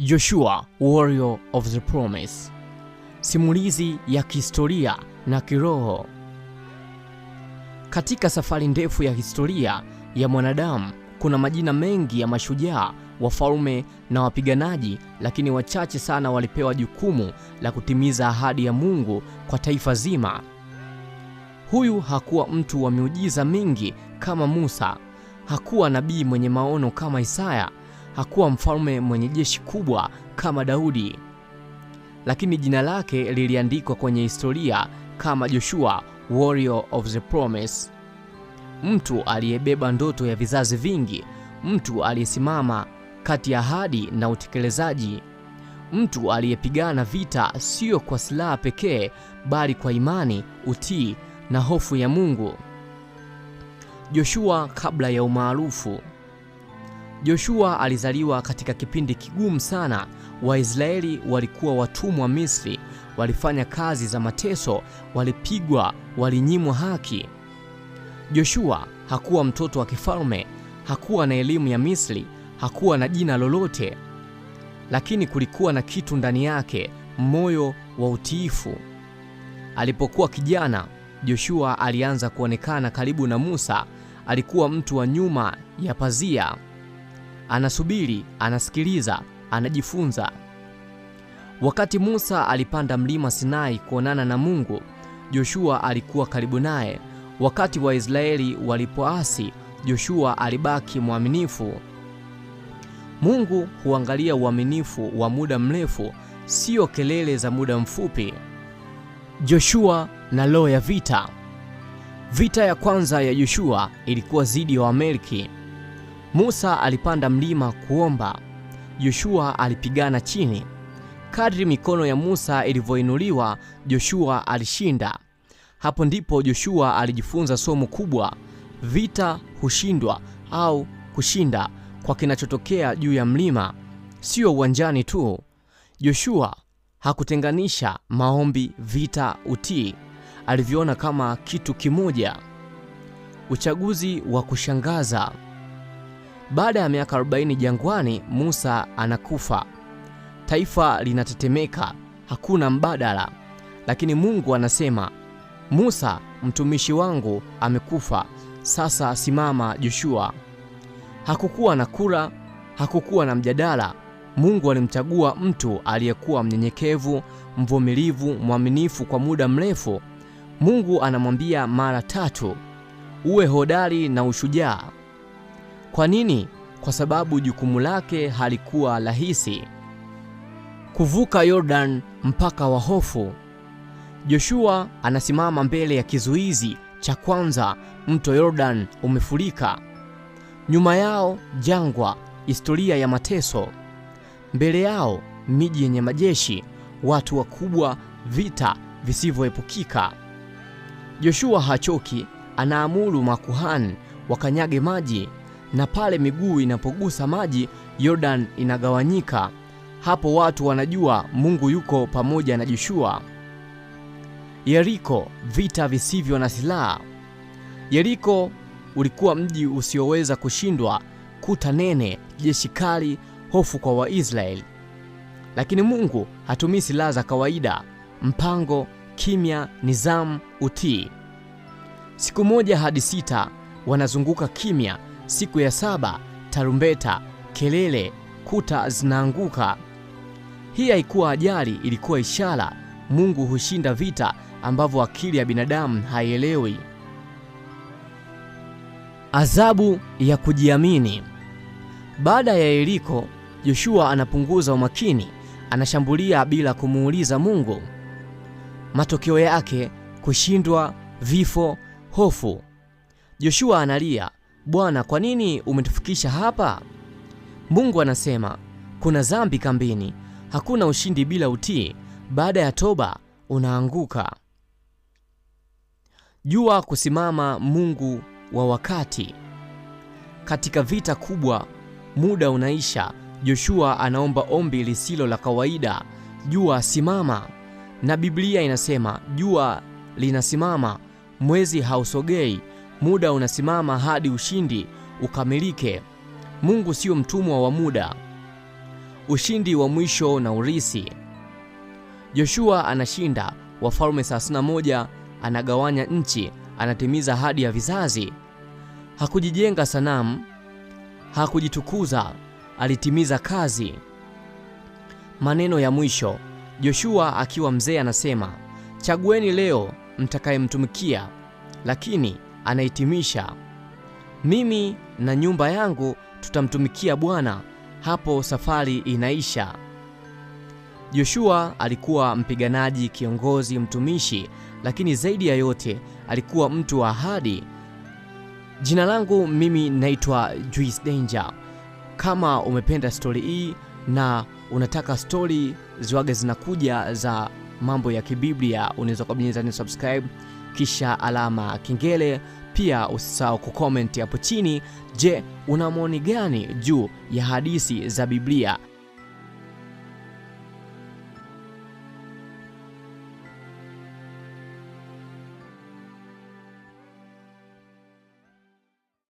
Joshua Warrior of the Promise, simulizi ya kihistoria na kiroho. Katika safari ndefu ya historia ya mwanadamu, kuna majina mengi ya mashujaa, wafalme na wapiganaji, lakini wachache sana walipewa jukumu la kutimiza ahadi ya Mungu kwa taifa zima. Huyu hakuwa mtu wa miujiza mingi kama Musa, hakuwa nabii mwenye maono kama Isaya hakuwa mfalme mwenye jeshi kubwa kama Daudi, lakini jina lake liliandikwa kwenye historia kama Joshua Warrior of the Promise, mtu aliyebeba ndoto ya vizazi vingi, mtu aliyesimama kati ya ahadi na utekelezaji, mtu aliyepigana vita sio kwa silaha pekee, bali kwa imani, utii na hofu ya Mungu. Joshua kabla ya umaarufu. Joshua alizaliwa katika kipindi kigumu sana. Waisraeli walikuwa watumwa Misri, walifanya kazi za mateso, walipigwa, walinyimwa haki. Joshua hakuwa mtoto wa kifalme, hakuwa na elimu ya Misri, hakuwa na jina lolote, lakini kulikuwa na kitu ndani yake, moyo wa utiifu. Alipokuwa kijana, Joshua alianza kuonekana karibu na Musa. Alikuwa mtu wa nyuma ya pazia anasubiri, anasikiliza, anajifunza. Wakati Musa alipanda mlima Sinai kuonana na Mungu, Joshua alikuwa karibu naye. Wakati Waisraeli walipoasi, Joshua alibaki mwaminifu. Mungu huangalia uaminifu wa muda mrefu, sio kelele za muda mfupi. Joshua na roho ya vita. Vita ya kwanza ya Joshua ilikuwa dhidi ya Waamaleki. Musa alipanda mlima kuomba, Yoshua alipigana chini. Kadri mikono ya Musa ilivyoinuliwa, Joshua alishinda. Hapo ndipo Joshua alijifunza somo kubwa: vita hushindwa au kushinda kwa kinachotokea juu ya mlima, sio uwanjani tu. Joshua hakutenganisha maombi, vita, utii. Aliviona kama kitu kimoja. Uchaguzi wa kushangaza. Baada ya miaka 40 jangwani, Musa anakufa. Taifa linatetemeka, hakuna mbadala. Lakini Mungu anasema, Musa mtumishi wangu amekufa, sasa simama Joshua. Hakukuwa na kura, hakukuwa na mjadala. Mungu alimchagua mtu aliyekuwa mnyenyekevu, mvumilivu, mwaminifu kwa muda mrefu. Mungu anamwambia mara tatu, uwe hodari na ushujaa. Kwa nini? Kwa sababu jukumu lake halikuwa rahisi. Kuvuka Yordan, mpaka wa hofu. Joshua anasimama mbele ya kizuizi cha kwanza, mto Yordan umefurika. Nyuma yao jangwa, historia ya mateso. Mbele yao miji yenye majeshi, watu wakubwa, vita visivyoepukika. Joshua hachoki, anaamuru makuhani wakanyage maji na pale miguu inapogusa maji Yordan inagawanyika. Hapo watu wanajua Mungu yuko pamoja na Joshua. Yeriko, vita visivyo na silaha. Yeriko ulikuwa mji usioweza kushindwa, kuta nene, jeshi kali, hofu kwa Waisraeli. Lakini Mungu hatumii silaha za kawaida: mpango, kimya, nizamu, utii. Siku moja hadi sita wanazunguka kimya Siku ya saba, tarumbeta, kelele, kuta zinaanguka. Hii haikuwa ajali, ilikuwa ishara. Mungu hushinda vita ambavyo akili ya binadamu haielewi. Adhabu ya kujiamini. Baada ya Yeriko, Yoshua anapunguza umakini, anashambulia bila kumuuliza Mungu. Matokeo yake kushindwa, vifo, hofu. Yoshua analia, Bwana, kwa nini umetufikisha hapa? Mungu anasema kuna dhambi kambini, hakuna ushindi bila utii. Baada ya toba unaanguka. Jua kusimama Mungu wa wakati. Katika vita kubwa, muda unaisha. Joshua anaomba ombi lisilo la kawaida, jua simama. Na Biblia inasema jua linasimama, mwezi hausogei, Muda unasimama hadi ushindi ukamilike. Mungu sio mtumwa wa muda. Ushindi wa mwisho na urisi. Joshua anashinda wafalme 31, anagawanya nchi, anatimiza ahadi ya vizazi. Hakujijenga sanamu, hakujitukuza, alitimiza kazi. Maneno ya mwisho. Joshua akiwa mzee anasema, chagueni leo mtakayemtumikia, lakini anahitimisha, mimi na nyumba yangu tutamtumikia Bwana. Hapo safari inaisha. Joshua alikuwa mpiganaji, kiongozi, mtumishi, lakini zaidi ya yote alikuwa mtu wa ahadi. Jina langu mimi naitwa Juice Danger. Kama umependa stori hii na unataka stori ziwage zinakuja za mambo ya kibiblia, unaweza kubonyeza ni subscribe kisha alama kengele pia usisahau kucomment hapo chini. Je, una maoni gani juu ya hadithi za Biblia?